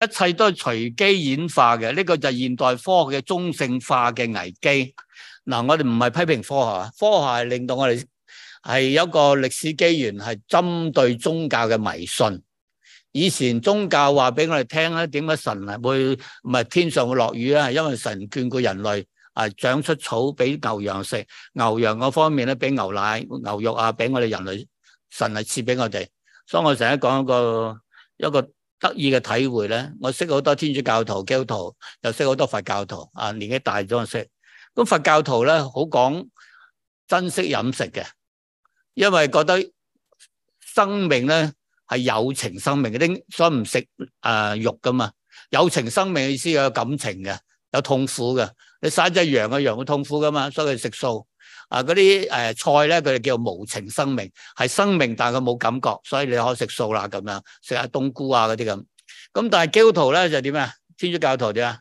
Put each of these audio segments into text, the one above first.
一切都係隨機演化嘅，呢個就係現代科學嘅中性化嘅危機。嗱，我哋唔係批評科學，科學係令到我哋係有一個歷史機緣，係針對宗教嘅迷信。以前宗教話俾我哋聽咧，點解神啊會唔係天上會落雨啊？係因為神眷顧人類。啊！長出草俾牛羊食，牛羊嗰方面咧俾牛奶、牛肉啊，俾我哋人類，神係賜俾我哋。所以我成日講一個一個得意嘅體會咧，我識好多天主教徒、基督徒，又識好多佛教徒。啊，年紀大咗識。咁佛教徒咧好講珍惜飲食嘅，因為覺得生命咧係有情生命，啲所以唔食啊肉噶嘛。有情生命嘅意思有感情嘅，有痛苦嘅。你生隻羊嘅羊會痛苦噶嘛？所以佢食素啊！嗰啲誒菜咧，佢哋叫無情生命，係生命但係佢冇感覺，所以你可以食素啦咁樣，食下冬菇啊嗰啲咁。咁、嗯、但係基督徒咧就係點啊？天主教徒點啊？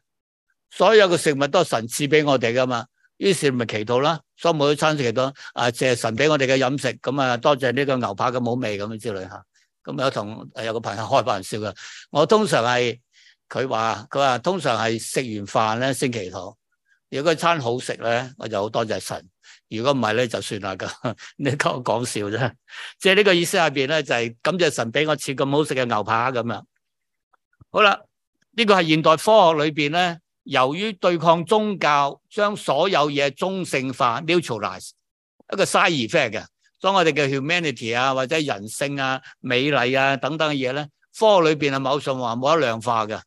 所有嘅食物都係神賜俾我哋噶嘛？於是咪祈禱啦，所以每餐食祈禱，啊，謝神俾我哋嘅飲食，咁啊多謝呢個牛扒咁好味咁之類吓。咁有同有個朋友開玩笑嘅，我通常係佢話佢話通常係食完飯咧先祈禱。如果餐好食咧，我就好多謝神；如果唔係咧，就算啦。咁你講講笑啫。即係呢個意思下邊咧，就係、是、感謝神俾我切咁好食嘅牛扒咁樣。好啦，呢個係現代科學裏邊咧，由於對抗宗教，將所有嘢中性化 （neutralize），一個 side effect 嘅。當我哋嘅 humanity 啊，或者人性啊、美麗啊等等嘅嘢咧，科學裏邊係某信話冇得量化嘅。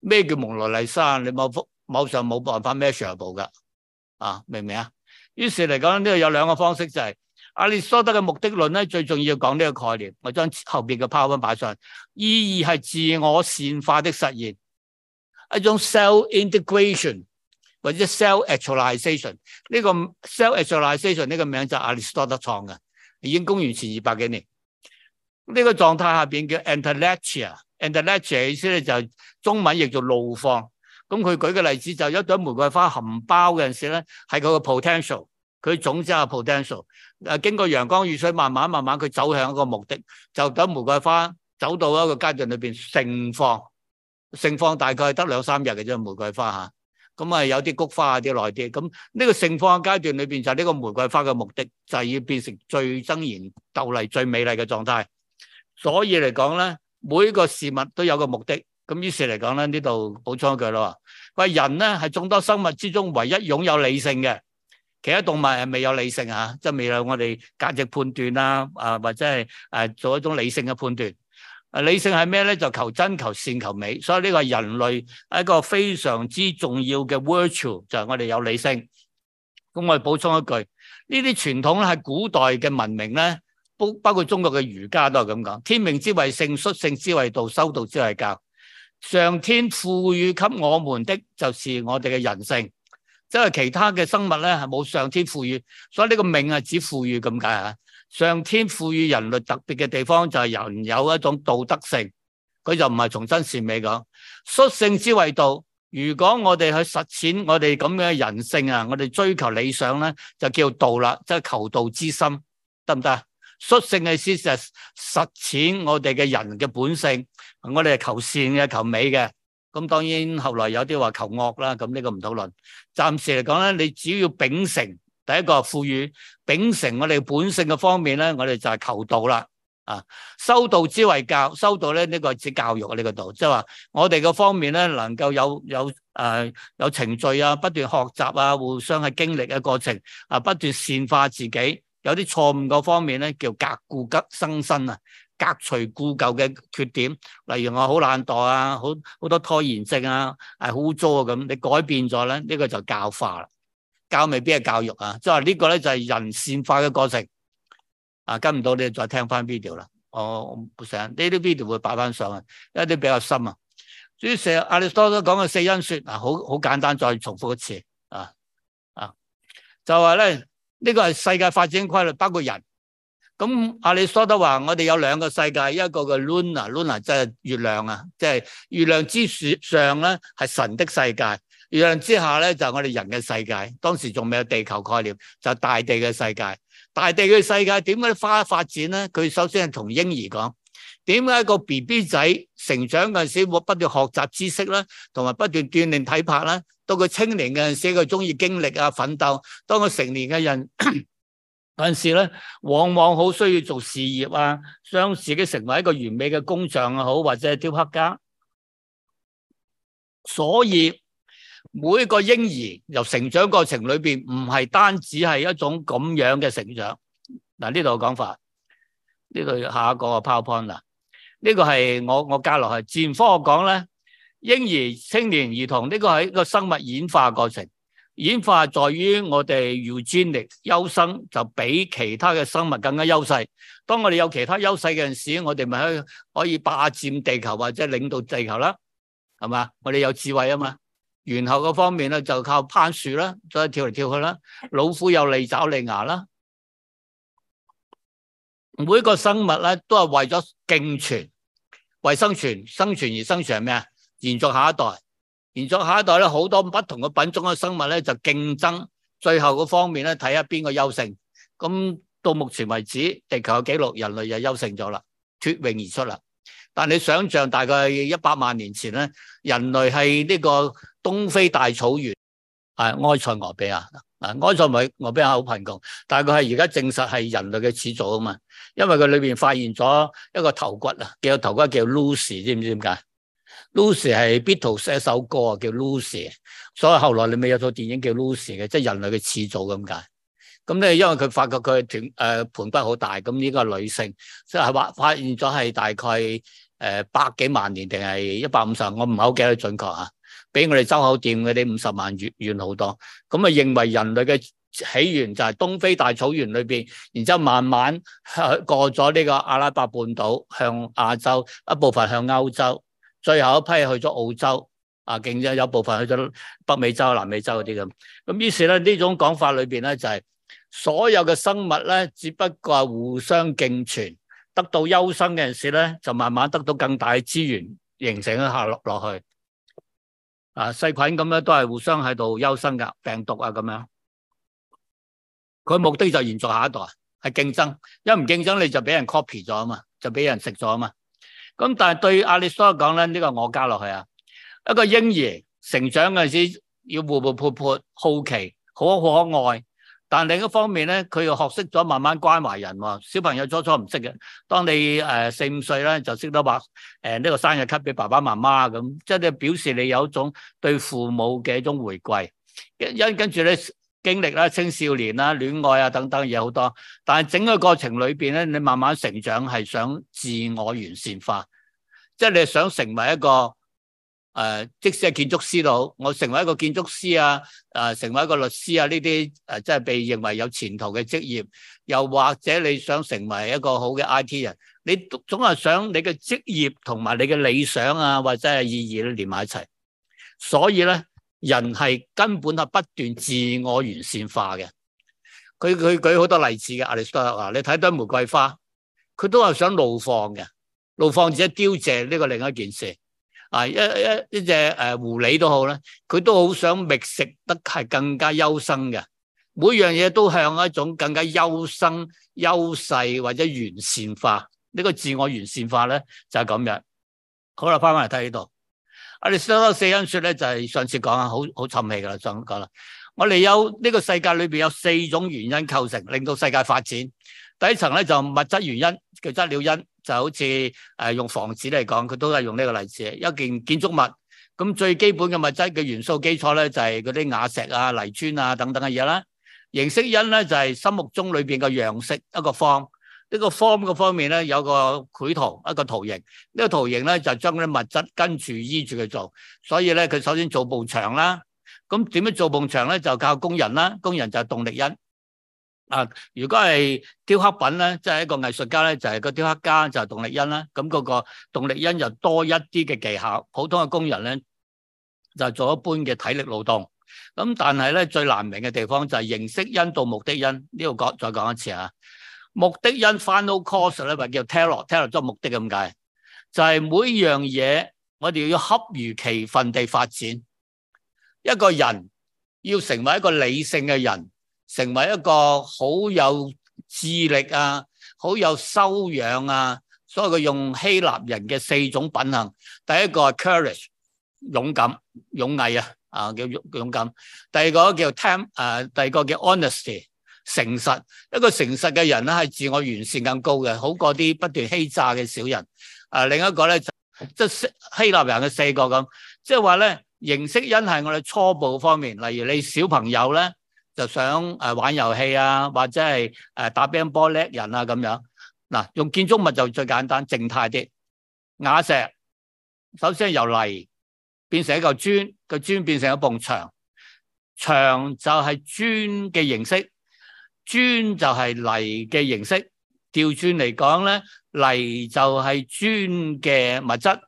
咩叫蒙羅麗莎？你冇福。某上冇辦法 match 上部㗎，啊明唔明啊？於是嚟講呢度有兩個方式，就是，就係亞里士多德嘅目的論咧，最重要講呢個概念。我將後邊嘅 power 擺上，意義係自我善化的實現，一種 self integration 或者 self actualization 呢個 self actualization 呢個名就亞里士多德創嘅，已經公元前二百幾年。呢、這個狀態下邊叫 entelecheia, entelecheia 意思咧就中文譯做怒放。咁佢舉嘅例子，就一朵玫瑰花含苞嗰陣時咧，係佢個 potential，佢總之係 potential。誒經過陽光雨水，慢慢慢慢佢走向一個目的，就等玫瑰花走到一個階段裏邊盛放，盛放大概得兩三日嘅啫，玫瑰花吓咁啊，有啲菊花啊，啲耐啲。咁、這、呢個盛放嘅階段裏邊，就呢個玫瑰花嘅目的，就係、是、要變成最爭妍鬥麗最美麗嘅狀態。所以嚟講咧，每一個事物都有個目的。咁於是嚟講咧，呢度補充一句咯。佢話人咧係眾多生物之中唯一擁有理性嘅，其他動物係未有理性吓，即係未有我哋價值判斷啊，啊或者係誒做一種理性嘅判斷。理性係咩咧？就求真、求善、求美。所以呢個人類係一個非常之重要嘅 virtue，就係我哋有理性。咁我哋補充一句，呢啲傳統咧係古代嘅文明咧，包包括中國嘅儒家都係咁講：天命之為性，率性之為道，修道之為教。上天賦予給我們的就是我哋嘅人性，即係其他嘅生物咧係冇上天賦予，所以呢個命係只賦予咁解啊！上天賦予人類特別嘅地方就係人有一種道德性，佢就唔係從真善美講，率性之謂道。如果我哋去實踐我哋咁嘅人性啊，我哋追求理想咧，就叫道啦，即係求道之心，得唔得？率性嘅事實實踐我哋嘅人嘅本性，我哋係求善嘅、求美嘅。咁當然後來有啲話求惡啦，咁呢個唔討論。暫時嚟講咧，你只要秉承第一個賦予，秉承我哋本性嘅方面咧，我哋就係求道啦。啊，修道之為教，修道咧呢、這個係指教育啊呢、這個道，即係話我哋嘅方面咧能夠有有誒、呃、有程序啊，不斷學習啊，互相係經歷嘅過程啊，不斷善化自己。有啲錯誤個方面咧，叫革故急生身啊，革除固舊嘅缺點，例如我懶好懶惰啊，好好多拖延症啊，係污糟啊咁。你改變咗咧，呢、這個就教化啦。教未必係教育啊，即係話呢個咧就係人善化嘅過程啊。跟唔到你，再聽翻 video 啦。我唔想呢啲 video 會擺翻上去，因為啲比較深啊。至於亞里士多德講嘅四因説啊，好好簡單，再重複一次啊啊，就話咧。呢個係世界發展規律，包括人。咁亞里士多德話：我哋有兩個世界，一個叫 Luna，Luna 即係月亮啊，即係月亮之上咧係神的世界，月亮之下咧就係我哋人嘅世界。當時仲未有地球概念，就係大地嘅世界。大地嘅世界點樣發發展咧？佢首先係同嬰兒講。點解個 B B 仔成長嗰陣時會不斷學習知識啦，同埋不斷鍛煉體魄啦。到佢青年嘅陣時，佢中意經歷啊，奮鬥。當佢成年嘅人嗰陣時咧，往往好需要做事業啊，想自己成為一個完美嘅工匠啊，好或者雕刻家。所以每個嬰兒由成長過程裏邊，唔係單止係一種咁樣嘅成長。嗱，呢度嘅講法，呢度下一個 power point 啦。個呢個係我我加落去。自然科學講咧，嬰兒、青年、兒童，呢、這個係一個生物演化過程。演化在於我哋要專力優生，就比其他嘅生物更加優勢。當我哋有其他優勢嘅時，我哋咪可以霸佔地球或者領導地球啦，係嘛？我哋有智慧啊嘛。猿猴嗰方面咧，就靠攀樹啦，再以跳嚟跳去啦。老虎有利爪利牙啦。每一個生物咧都係為咗競存。為生存、生存而生存係咩啊？延續下一代，延續下一代咧，好多不同嘅品種嘅生物咧就競爭，最後嘅方面咧睇下邊個優勝。咁到目前為止，地球嘅記錄，人類就優勝咗啦，脫穎而出啦。但你想象大概一百萬年前咧，人類係呢個東非大草原，係埃塞俄比亞。啊，埃塞俄比亞好貧窮，但係佢係而家證實係人類嘅始祖啊嘛，因為佢裏邊發現咗一個頭骨啊，叫頭骨叫 Lucy，知唔知點解？Lucy 係 Beatles 一首歌啊，叫 Lucy，所以後來你咪有套電影叫 Lucy 嘅，即係人類嘅始祖咁解。咁咧，因為佢發覺佢全誒盆骨好大，咁呢個女性即係話發現咗係大概誒百幾萬年定係一百五十，我唔係好記得準確嚇。比我哋周口店嗰啲五十萬月，遠好多，咁啊認為人類嘅起源就係東非大草原裏邊，然之後慢慢過咗呢個阿拉伯半島向亞洲，一部分向歐洲，最後一批去咗澳洲，啊勁有有部分去咗北美洲、南美洲嗰啲咁。咁於是咧呢種講法裏邊咧就係、是、所有嘅生物咧，只不過係互相競存，得到優生嘅人士咧，就慢慢得到更大嘅資源，形成一下落落去。啊，細菌咁樣都係互相喺度優生噶，病毒啊咁樣，佢目的就延續下一代，係競爭，一唔競爭你就俾人 copy 咗啊嘛，就俾人食咗啊嘛。咁但係對亞里士多德講咧，呢、這個我加落去啊，一個嬰兒成長嗰陣時要活活潑潑，好奇，好可愛。但另一方面咧，佢又學識咗慢慢關懷人喎。小朋友初初唔識嘅，當你誒四五歲咧就識得畫誒呢個生日卡俾爸爸媽媽咁，即係表示你有一種對父母嘅一種回饋。因跟住咧經歷啦、青少年啦、戀愛啊等等嘢好多，但係整個過程裏邊咧，你慢慢成長係想自我完善化，即係你想成為一個。誒、呃，即使係建築師都好，我成為一個建築師啊，誒、呃，成為一個律師啊，呢啲，誒，即係被認為有前途嘅職業，又或者你想成為一個好嘅 I.T. 人，你總係想你嘅職業同埋你嘅理想啊，或者係意義都連埋一齊。所以咧，人係根本係不斷自我完善化嘅。佢佢舉好多例子嘅，亞里士多德啊，你睇到，玫瑰花，佢都係想怒放嘅，怒放只係凋謝呢個另一件事。啊一一一隻誒狐狸好都好啦，佢都好想覓食得係更加優生嘅，每樣嘢都向一種更加優生優勢或者完善化。呢、這個自我完善化咧就係咁樣。好啦，翻返嚟睇呢度、就是。我哋講到四因説咧，就係上次講啊，好好沉氣噶啦，上講啦。我哋有呢個世界裏邊有四種原因構成，令到世界發展。第一層咧就是、物質原因，叫質料因。就好似誒用房子嚟講，佢都係用呢個例子，一件建築物咁，最基本嘅物質嘅元素基礎咧，就係嗰啲瓦石啊、泥磚啊等等嘅嘢啦。形式因咧就係、是、心目中裏邊嘅樣式，一個方，呢個方嘅方面咧有個繪圖，一個圖形，呢、這個圖形咧就將、是、啲物質跟住依住佢做，所以咧佢首先做埲牆啦，咁點樣做埲牆咧就靠工人啦，工人就係動力因。啊！如果係雕刻品咧，即係一個藝術家咧，就係、是、個雕刻家就係、是、動力因啦。咁、那、嗰個動力因就多一啲嘅技巧。普通嘅工人咧，就係做一般嘅體力勞動。咁但係咧，最難明嘅地方就係形式因到目的因。呢個講再講一次啊！目的因 final cause 咧，或叫 telo，telo 即係目的咁解。就係、是、每樣嘢，我哋要恰如其分地發展。一個人要成為一個理性嘅人。成為一個好有智力啊，好有修養啊，所以佢用希臘人嘅四種品行。第一個係 courage，勇敢勇毅啊，啊叫勇勇敢。第二個叫 temp，誒、啊、第二個叫 honesty，誠實。一個誠實嘅人咧，係自我完善更高嘅，好過啲不斷欺詐嘅小人。誒、啊、另一個咧、就是，即希臘人嘅四個咁，即係話咧，形式因係我哋初步方面，例如你小朋友咧。就想誒玩遊戲啊，或者係誒打乒乓波叻人啊咁樣。嗱，用建築物就最簡單，靜態啲。瓦石，首先係由泥變成一嚿磚，個磚變成一埲牆，牆就係磚嘅形式，磚就係泥嘅形式。調轉嚟講咧，泥就係磚嘅物質，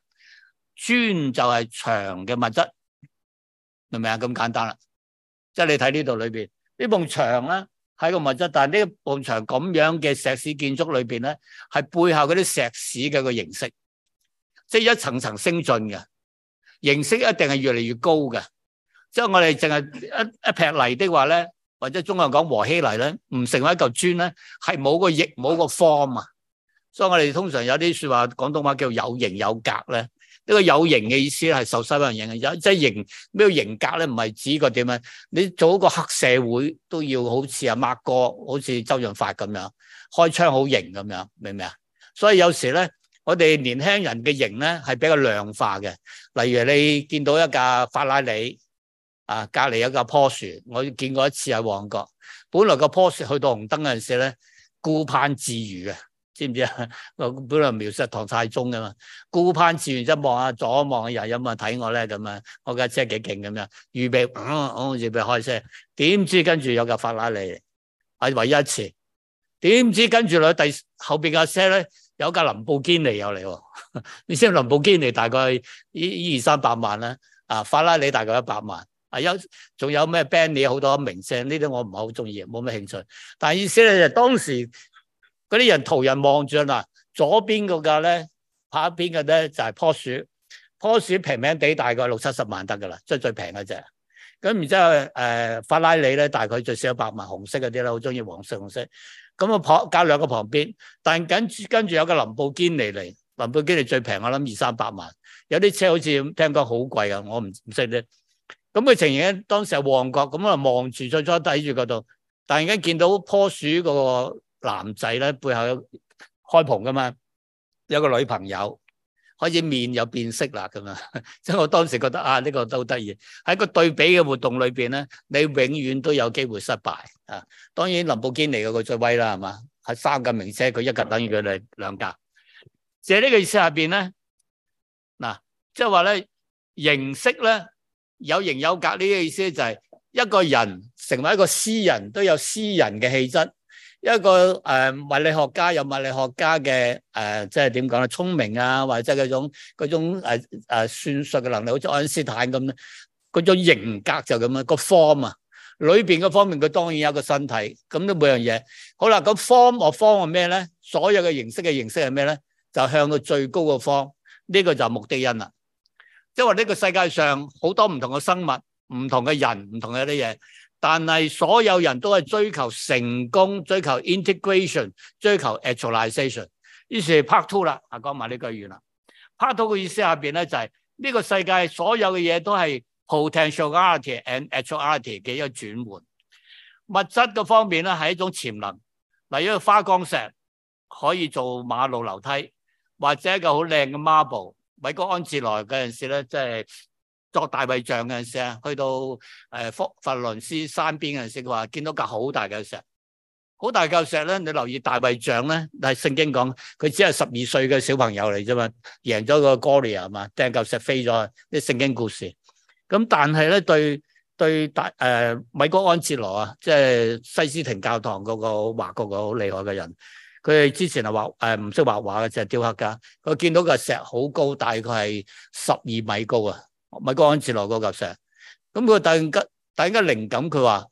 磚就係牆嘅物質，明唔明啊？咁簡單啦，即係你睇呢度裏邊。牆呢埲牆咧係個物質，但係呢埲牆咁樣嘅石屎建築裏邊咧，係背後嗰啲石屎嘅個形式，即係一層層升進嘅形式一越越一，一定係越嚟越高嘅。即係我哋淨係一一劈泥的話咧，或者中國人講和稀泥咧，唔成為一嚿磚咧，係冇個翼、冇個 form 啊。所以我哋通常有啲説話，廣東話叫有型有格咧。呢個有型嘅意思咧係受西方人影響，有即係型咩叫型格咧，唔係指個點啊？你做一個黑社會都要好似阿 Mark 哥，好似周潤發咁樣，開槍好型咁樣，明唔明啊？所以有時咧，我哋年輕人嘅型咧係比較量化嘅。例如你見到一架法拉利啊，隔離有架坡樹，我見過一次喺旺角。本來個坡樹去到紅燈嗰陣時咧，顧盼自如嘅。知唔知啊？我本來描述唐太宗嘅嘛，顧盼自然一望下左望，望，又有冇人睇我咧？咁啊，我架車幾勁咁樣，預備，啊、嗯，我、嗯、預備開車。點知跟住有架法拉利，係唯一一次。點知跟住落第後邊架車咧，有架林布堅尼。有嚟喎。你知唔知林布堅尼大概依二三百萬啦？啊，法拉利大概一百萬。啊，有仲有咩 Ben 你好多名車？呢啲我唔係好鍾意，冇咩興趣。但係意思咧就當時。嗰啲人途人望住啦，左邊個架咧，下邊嘅咧就係樖樹，樖樹平平地，大概六七十萬得噶啦，即係最平嘅啫。咁然之後誒法拉利咧，大概最少一百萬，紅色嗰啲咧好中意黃色紅色。咁啊旁隔兩個旁邊，但緊跟住有個林布堅尼嚟，林布堅尼最平，我諗二三百萬。有啲車好似聽講好貴啊，我唔唔識咧。咁佢情形當時係旺角，咁啊望住再再睇住嗰度，突然間見到樖樹個。男仔咧，背後有開篷噶嘛，有個女朋友，開始面又變色啦咁啊！即 係我當時覺得啊，呢、這個都得意喺個對比嘅活動裏邊咧，你永遠都有機會失敗啊！當然林寶堅尼個最威啦，係嘛？係三甲名車，佢一格等於佢哋兩格。喺呢個意思下邊咧，嗱、啊，即係話咧，形式咧有形有格呢個意思就係一個人成為一個詩人，都有詩人嘅氣質。一個誒、呃、物理學家有物理學家嘅誒，即係點講咧？聰明啊，或者嗰種嗰種誒誒、呃呃、算術嘅能力，好似愛因斯坦咁咧。嗰種型格就咁啦。個 form 啊，裏邊嗰方面佢當然有一個身體，咁都每樣嘢好啦。咁 form 或 form 係咩咧？所有嘅形式嘅形式係咩咧？就向到最高嘅方。呢、呢個就係目的因啦。即係話呢個世界上好多唔同嘅生物、唔同嘅人、唔同嘅啲嘢。但係所有人都係追求成功、追求 integration、追求 actualization 於是 part two 啦。啊，講埋呢句完啦。part two 嘅意思下邊咧、就是，就係呢個世界所有嘅嘢都係 potentiality and actuality 嘅一個轉換。物質嘅方面咧係一種潛能，例如花崗石可以做馬路、樓梯，或者一個好靚嘅 marble。米高安哲羅嗰陣時咧，即係。作大衛像嘅時啊，去到誒佛佛羅倫斯山邊嘅時，佢話見到嚿好大嘅石，好大嚿石咧。你留意大衛像咧，但係聖經講佢只係十二歲嘅小朋友嚟啫嘛，贏咗個 Goliath 嘛，掟嚿石飛咗。啲聖經故事。咁但係咧，對對大誒、呃、米國安哲羅啊，即、就、係、是、西斯廷教堂嗰個畫局個好厲害嘅人，佢哋之前係話誒唔識畫畫嘅，就、呃、係雕刻家。佢見到嚿石好高，大概係十二米高啊！米高安哲羅攞嗰嚿石，咁佢突然間突然間靈感，佢話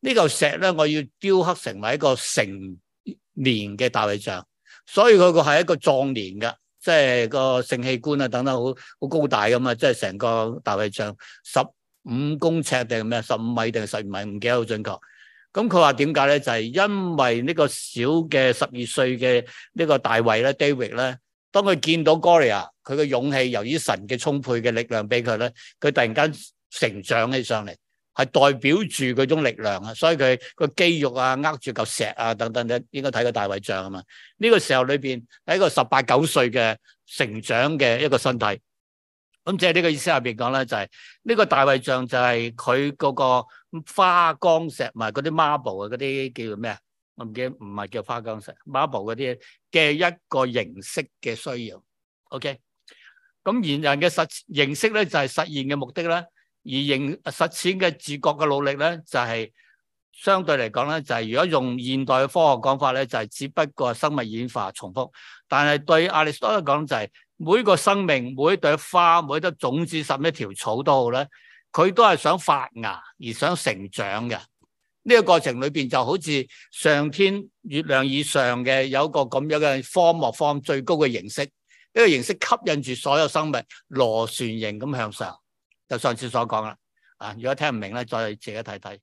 呢嚿石咧，我要雕刻成為一個成年嘅大衛像，所以佢個係一個壯年嘅，即係個性器官啊等等好好高大噶嘛，即係成個大衛像十五公尺定係咩？十五米定係十米？唔記得好準確。咁佢話點解咧？就係、是、因為呢個小嘅十二歲嘅呢個大衛咧，David 咧。當佢見到哥利亞，佢嘅勇氣由於神嘅充沛嘅力量俾佢咧，佢突然間成長起上嚟，係代表住嗰種力量啊！所以佢個肌肉啊，握住嚿石啊等等，你應該睇個大衛像啊嘛。呢、這個時候裏邊喺個十八九歲嘅成長嘅一個身體，咁即係呢個意思下邊講咧，就係、是、呢個大衛像就係佢嗰個花崗石同埋嗰啲 marble 啊，嗰啲叫做咩啊？我唔記，唔係叫花崗石，marble 嗰啲嘅一個形式嘅需要。OK，咁然人嘅實形式咧就係實現嘅目的咧，而形實踐嘅自覺嘅努力咧就係、是、相對嚟講咧就係、是、如果用現代嘅科學講法咧就係、是、只不過生物演化重複，但係對亞里士多德講就係、是、每個生命，每一朵花，每一粒種子，甚至一條草好都好咧，佢都係想發芽而想成長嘅。呢個過程裏邊就好似上天月亮以上嘅有一個咁樣嘅 form of form 最高嘅形式，呢個形式吸引住所有生物螺旋形咁向上。就上次所講啦，啊，如果聽唔明咧，再自己睇睇。